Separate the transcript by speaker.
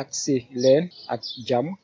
Speaker 1: agsi leen ak jàmm